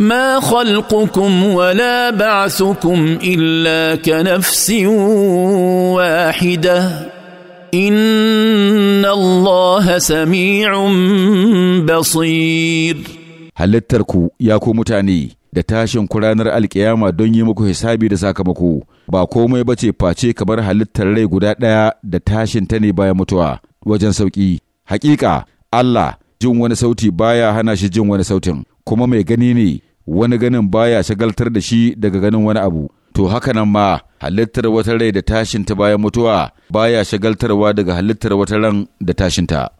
ما خلقكم ولا بعثكم الا كنفس واحده ان الله سميع بصير halittarku ya ku mutane da tashin ku ranar alkiyama don yi muku hisabi da sakamako ba komai ba ce face kamar halittar rai guda ɗaya da tashin ta ne bayan mutuwa wajen sauƙi hakika Allah jin wani sauti baya hana shi jin wani sautin kuma mai gani ne wani ganin baya shagaltar da shi daga ganin wani abu to haka nan ma halittar wata rai da tashinta bayan mutuwa baya shagaltarwa daga halittar wata ran da tashinta